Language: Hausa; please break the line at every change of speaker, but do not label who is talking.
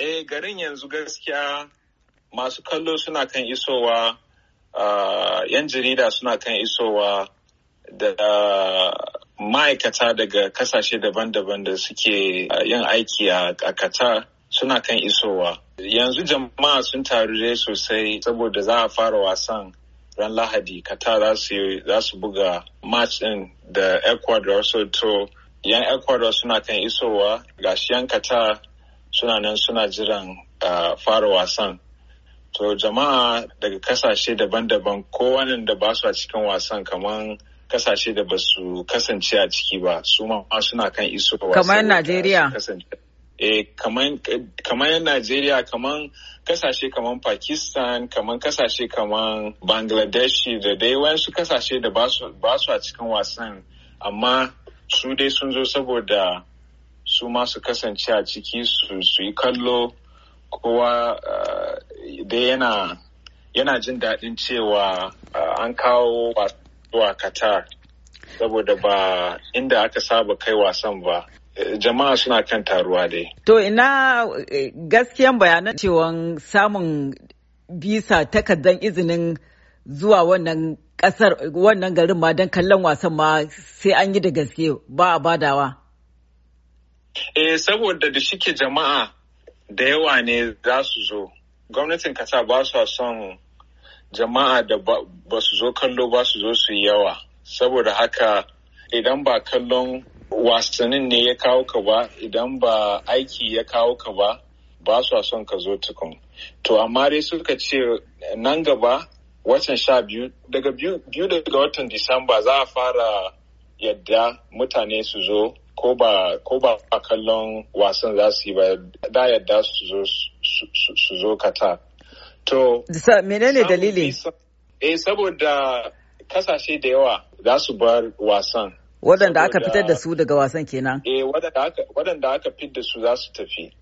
eh garin yanzu gaskiya masu kallo suna kan isowa yan jarida suna kan isowa da ma'aikata daga kasashe daban-daban da suke yin aiki a kata suna kan isowa yanzu jama'a sun taru dai sosai saboda za a fara wasan ran lahadi kata za su buga match din da ecuador so to yan ecuador suna kan isowa gashi yan kata suna nan suna jiran ah, fara wasan to jama'a daga kasashe daban-daban kowannen da ba su a cikin wasan kamar kasashe da ba su kasance a ciki ba su ma suna kan iso kamar najeriya eh kamar najeriya kamar kasashe kamar pakistan kamar kasashe kamar bangladesh da dai wasu kasashe da ba su a cikin wasan amma su dai sun zo saboda su ma su kasance a ciki su yi kallo kowa eh, da yana yana jin daɗin cewa eh, an kawo wakata, qatar saboda ba inda aka saba kai wasan ba eh, jama'a suna kan taruwa dai to ina gaskiyan bayanan cewan samun bisa takardar izinin zuwa wannan kasar wannan garin ma don kallon wasan ma sai an yi da gaske ba a badawa Eh saboda da shike jama'a da yawa ne za su zo. Gwamnatin kasa ba su son jama'a da ba su zo kallo ba su zo su yi yawa. Saboda haka idan ba kallon wasannin ne ya kawo ka ba, idan ba aiki ya kawo ka ba, ba su son ka zo tukun. To amma dai suka ce nan gaba watan sha biyu daga biyu daga watan Disamba za a fara yadda mutane su zo ko ba ko ba kallon wasan za su yi ba da yadda su zo su zo to menene dalili eh saboda kasashe da yawa za su bar wasan Wadanda aka fitar da su daga wasan kenan eh wadanda aka fitar da su za su tafi